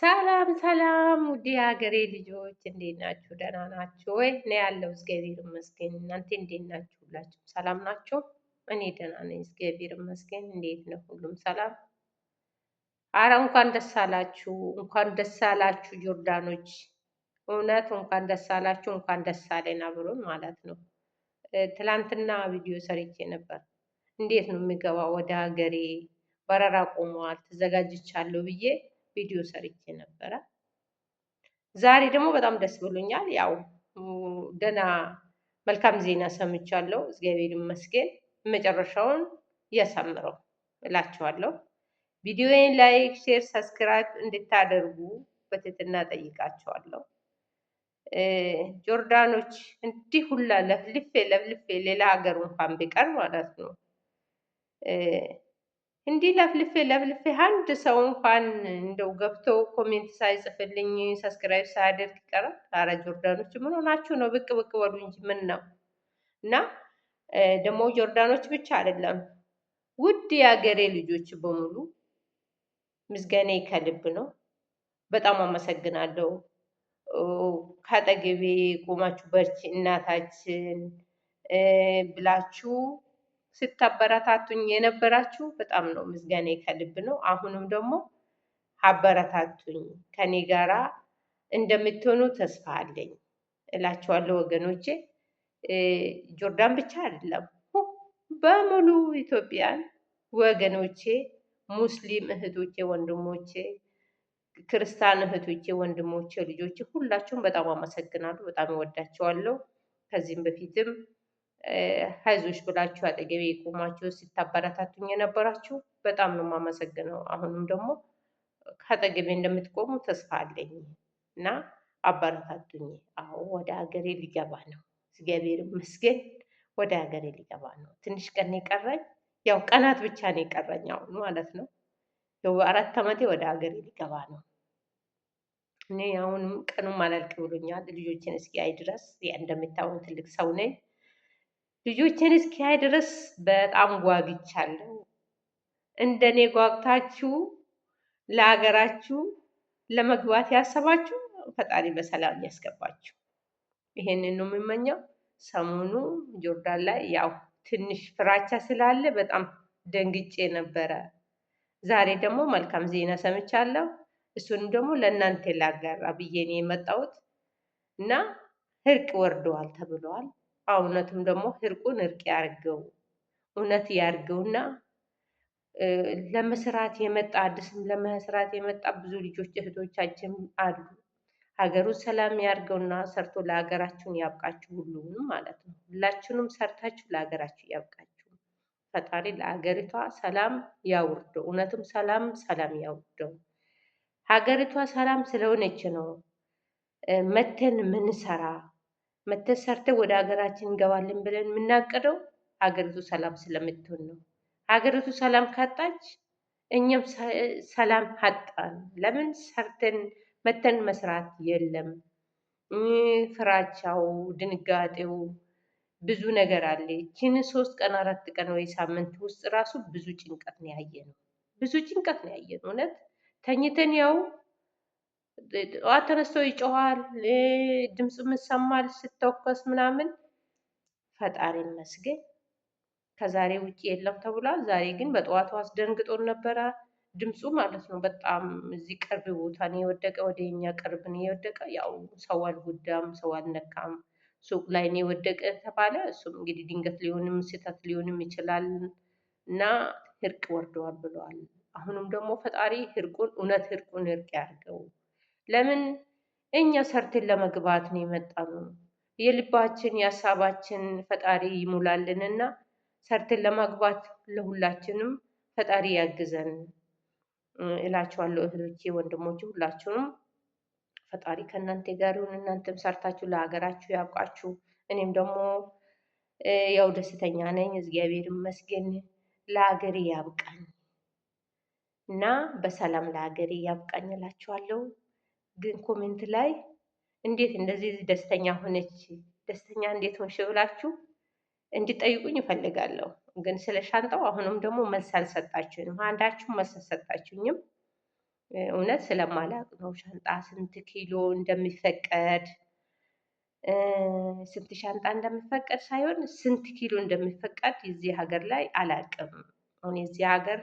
ሰላም ሰላም፣ ውድ የሀገሬ ልጆች እንዴት ናችሁ? ደህና ናችሁ ወይ? እኔ ያለው እግዚአብሔር ይመስገን። እናንተ እንዴት ናችሁ? ሁላችሁ ሰላም ናችሁ? እኔ ደህና ነኝ፣ እግዚአብሔር ይመስገን። እንዴት ነው? ሁሉም ሰላም? አረ እንኳን ደስ አላችሁ፣ እንኳን ደስ አላችሁ ጆርዳኖች፣ እውነት እንኳን ደስ አላችሁ፣ እንኳን ደስ አለን አብሮን ማለት ነው። ትላንትና ቪዲዮ ሰርቼ ነበር። እንዴት ነው የሚገባው ወደ ሀገሬ በረራ ቆመዋል፣ ተዘጋጅቻለሁ ብዬ ቪዲዮ ሰርቼ ነበረ። ዛሬ ደግሞ በጣም ደስ ብሎኛል። ያው ደህና መልካም ዜና ሰምቻለሁ። እግዚአብሔር ይመስገን። መጨረሻውን እያሳምረው እላችኋለሁ። ቪዲዮዬን ላይክ፣ ሼር፣ ሰብስክራይብ እንድታደርጉ በትህትና ጠይቃቸዋለሁ። ጆርዳኖች እንዲህ ሁላ ለፍልፌ ለፍልፌ ሌላ ሀገር እንኳን ቢቀር ማለት ነው እንዲህ ለፍልፌ ለፍልፌ አንድ ሰው እንኳን እንደው ገብቶ ኮሜንት ሳይጽፍልኝ ሰብስክራይብ ሳያደርግ ቀረ። አረ ጆርዳኖች ምን ሆናችሁ ነው? ብቅ ብቅ በሉ እንጂ ምን ነው እና ደግሞ ጆርዳኖች ብቻ አይደለም፣ ውድ የአገሬ ልጆች በሙሉ ምስጋኔ ከልብ ነው። በጣም አመሰግናለሁ። ከአጠገቤ ቆማችሁ በርቺ እናታችን ብላችሁ ስታበረታቱኝ የነበራችሁ በጣም ነው ምስጋና ከልብ ነው። አሁንም ደግሞ አበረታቱኝ፣ ከኔ ጋራ እንደምትሆኑ ተስፋ አለኝ እላችኋለሁ ወገኖቼ። ጆርዳን ብቻ አይደለም በሙሉ ኢትዮጵያን ወገኖቼ፣ ሙስሊም እህቶቼ ወንድሞቼ፣ ክርስቲያን እህቶቼ ወንድሞቼ፣ ልጆቼ ሁላችሁም በጣም አመሰግናለሁ። በጣም እወዳቸዋለሁ። ከዚህም በፊትም ሀይዞች ብላችሁ አጠገቤ የቆማችሁ ስታበረታቱኝ የነበራችሁ በጣም ነው የማመሰግነው። አሁንም ደግሞ ከአጠገቤ እንደምትቆሙ ተስፋ አለኝ እና አበረታቱኝ። አዎ ወደ ሀገሬ ሊገባ ነው፣ እግዚአብሔር ይመስገን ወደ ሀገሬ ሊገባ ነው። ትንሽ ቀን የቀረኝ ያው ቀናት ብቻ ነው የቀረኝ አሁን ማለት ነው። አራት ዓመቴ ወደ ሀገሬ ሊገባ ነው። እኔ አሁንም ቀኑም አላልቅ ብሎኛል። ልጆችን እስኪ አይ ድረስ እንደምታውን ትልቅ ሰው ነኝ። ልጆችን እስኪያይ ድረስ በጣም ጓግቻለሁ። እንደ እኔ ጓግታችሁ ለሀገራችሁ ለመግባት ያሰባችሁ ፈጣሪ በሰላም ያስገባችሁ። ይሄንን ነው የምመኘው። ሰሞኑ ጆርዳን ላይ ያው ትንሽ ፍራቻ ስላለ በጣም ደንግጬ ነበረ። ዛሬ ደግሞ መልካም ዜና ሰምቻለሁ። እሱን ደግሞ ለእናንተ ላጋራ ብዬ ነው የመጣሁት እና እርቅ ወርደዋል ተብለዋል። እውነትም ደግሞ እርቁን እርቅ ያርገው እውነት ያርገውና ለመስራት የመጣ አዲስም ለመስራት የመጣ ብዙ ልጆች እህቶቻችን አሉ። ሀገሩን ሰላም ያርገውና ሰርቶ ለሀገራችሁን ያብቃችሁ፣ ሁሉንም ማለት ነው። ሁላችሁንም ሰርታችሁ ለሀገራችሁ ያብቃችሁ። ፈጣሪ ለሀገሪቷ ሰላም ያውርደው። እውነትም ሰላም ሰላም ያውርደው። ሀገሪቷ ሰላም ስለሆነች ነው መተን ምንሰራ መተን ሰርተን ወደ ሀገራችን እንገባለን ብለን የምናቅደው ሀገሪቱ ሰላም ስለምትሆን ነው። ሀገሪቱ ሰላም ካጣች እኛም ሰላም አጣን። ለምን ሰርተን መተን መስራት የለም። ፍራቻው፣ ድንጋጤው ብዙ ነገር አለ። ይህን ሶስት ቀን አራት ቀን ወይ ሳምንት ውስጥ ራሱ ብዙ ጭንቀት ነው ያየነው። ብዙ ጭንቀት ነው ያየነው እውነት ተኝተን ያው ጠዋት ተነስቶ ይጮኋል፣ ድምፁ ምሰማል ስተኮስ ምናምን። ፈጣሪ ይመስገን ከዛሬ ውጭ የለም ተብሏል። ዛሬ ግን በጠዋቱ አስደንግጦን ነበረ ድምፁ ማለት ነው። በጣም እዚህ ቅርብ ቦታ ነው የወደቀ፣ ወደ እኛ ቅርብ ነው የወደቀ። ያው ሰው አልጎዳም፣ ሰው አልነካም። ሱቅ ላይ ነው የወደቀ ተባለ። እሱም እንግዲህ ድንገት ሊሆንም ስህተት ሊሆንም ይችላል እና ህርቅ ወርደዋል ብለዋል። አሁንም ደግሞ ፈጣሪ ህርቁን እውነት ህርቁን እርቅ ያርገው። ለምን እኛ ሰርተን ለመግባት ነው የመጣኑ። የልባችን የሀሳባችን ፈጣሪ ይሙላልንና ሰርተን ለማግባት ለሁላችንም ፈጣሪ ያግዘን እላችኋለሁ። እህቶቼ፣ ወንድሞቼ፣ ሁላችሁም ፈጣሪ ከእናንተ ጋር ይሁን። እናንተም ሰርታችሁ ለሀገራችሁ ያብቃችሁ። እኔም ደግሞ ያው ደስተኛ ነኝ፣ እግዚአብሔር ይመስገን። ለሀገሬ ያብቃኝ እና በሰላም ለሀገሬ ያብቃኝ እላችኋለሁ። ግን ኮሜንት ላይ እንዴት እንደዚህ ደስተኛ ሆነች፣ ደስተኛ እንዴት ሆንሽ ብላችሁ እንዲጠይቁኝ እፈልጋለሁ። ግን ስለ ሻንጣው አሁንም ደግሞ መልስ አልሰጣችሁኝም፣ አንዳችሁም መልስ አልሰጣችሁኝም። እውነት ስለማላቅ ነው። ሻንጣ ስንት ኪሎ እንደሚፈቀድ ስንት ሻንጣ እንደሚፈቀድ ሳይሆን ስንት ኪሎ እንደሚፈቀድ እዚህ ሀገር ላይ አላቅም። አሁን የዚህ ሀገር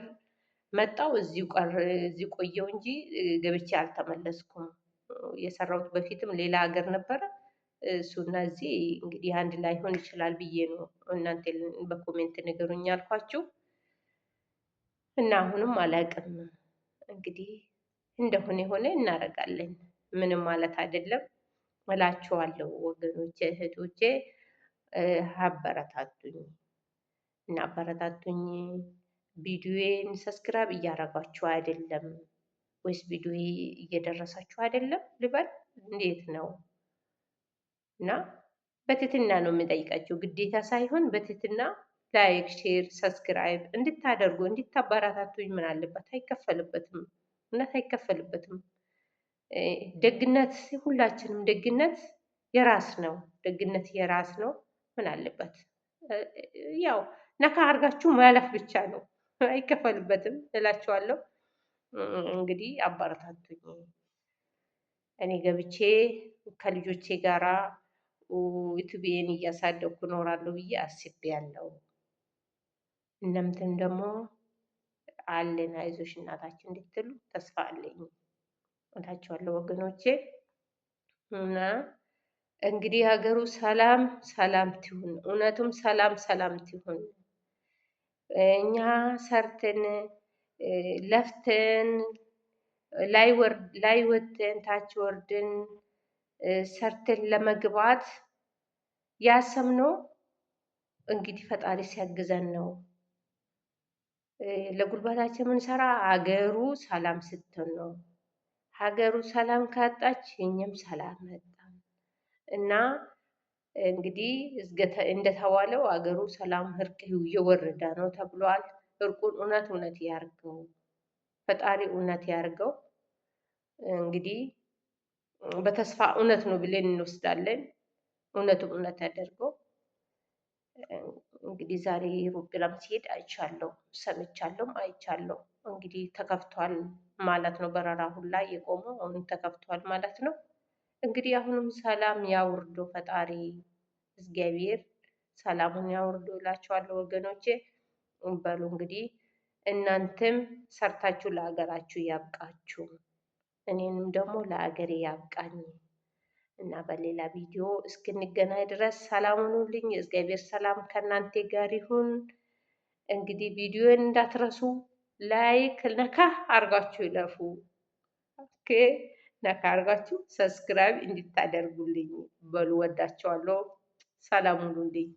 መጣው እዚህ ቆየው እንጂ ገብቼ አልተመለስኩም። የሰራሁት በፊትም ሌላ ሀገር ነበረ። እሱና እዚህ እንግዲህ አንድ ላይ ላይሆን ይችላል ብዬ ነው እናንተ በኮሜንት ንገሩኝ ያልኳችሁ እና አሁንም አላቅም። እንግዲህ እንደሆነ የሆነ እናደርጋለን። ምንም ማለት አይደለም እላችኋለሁ ወገኖቼ፣ እህቶቼ አበረታቱኝ እና አበረታቱኝ። ቪዲዮዬን ሰብስክራይብ እያደረጋችሁ አይደለም ወይስ ቪዲዮ እየደረሳችሁ አይደለም ልበል? እንዴት ነው? እና በትህትና ነው የምጠይቃቸው፣ ግዴታ ሳይሆን በትህትና ላይክ፣ ሼር፣ ሰብስክራይብ እንድታደርጉ እንድታበረታቱኝ። ምን አለበት? አይከፈልበትም፣ እውነት አይከፈልበትም። ደግነት ሁላችንም ደግነት የራስ ነው፣ ደግነት የራስ ነው። ምን አለበት? ያው ነካ አድርጋችሁ ማለፍ ብቻ ነው፣ አይከፈልበትም እላችኋለሁ። እንግዲህ አበረታቱኝ እኔ ገብቼ ከልጆቼ ጋራ ዩቱቤን እያሳደግኩ እኖራለሁ ብዬ ያለው እናንተም ደግሞ አለን አይዞሽ እናታችን እንድትሉ ተስፋ አለኝ እላቸዋለሁ ወገኖቼ። እና እንግዲህ ሀገሩ ሰላም ሰላም ትሁን፣ እውነቱም ሰላም ሰላም ትሁን። እኛ ሰርተን ለፍተን ላይ ወጥተን ታች ወርድን ሰርተን ለመግባት ያሰብነው እንግዲህ ፈጣሪ ሲያግዘን ነው። ለጉልበታችን የምንሰራ ሀገሩ ሰላም ስትሆን ነው። ሀገሩ ሰላም ካጣች እኛም ሰላም መጣም እና እንግዲህ እንደተባለው ሀገሩ ሰላም እርቅ እየወረደ ነው ተብሏል። ጽድቁን እውነት እውነት ያርገው፣ ፈጣሪ እውነት ያርገው። እንግዲህ በተስፋ እውነት ነው ብለን እንወስዳለን። እውነቱም እውነት ያደርገው። እንግዲህ ዛሬ ሮቤላም ሲሄድ አይቻለሁ፣ ሰምቻለሁም አይቻለሁ። እንግዲህ ተከፍቷል ማለት ነው። በረራ ሁላ የቆመው አሁንም ተከፍቷል ማለት ነው። እንግዲህ አሁንም ሰላም ያውርዶ ፈጣሪ እግዚአብሔር ሰላሙን ያውርዶ እላቸዋለሁ ወገኖቼ። በሉ እንግዲህ እናንተም ሰርታችሁ ለሀገራችሁ ያብቃችሁ፣ እኔንም ደግሞ ለሀገሬ ያብቃኝ እና በሌላ ቪዲዮ እስክንገናኝ ድረስ ሰላም ሁኑልኝ። እግዚአብሔር ሰላም ከእናንተ ጋር ይሁን። እንግዲህ ቪዲዮን እንዳትረሱ፣ ላይክ ነካ አርጋችሁ ይለፉ። ኦኬ ነካ አርጋችሁ ሰብስክራይብ እንድታደርጉልኝ በሉ። ወዳችኋለሁ። ሰላም ሁኑልኝ።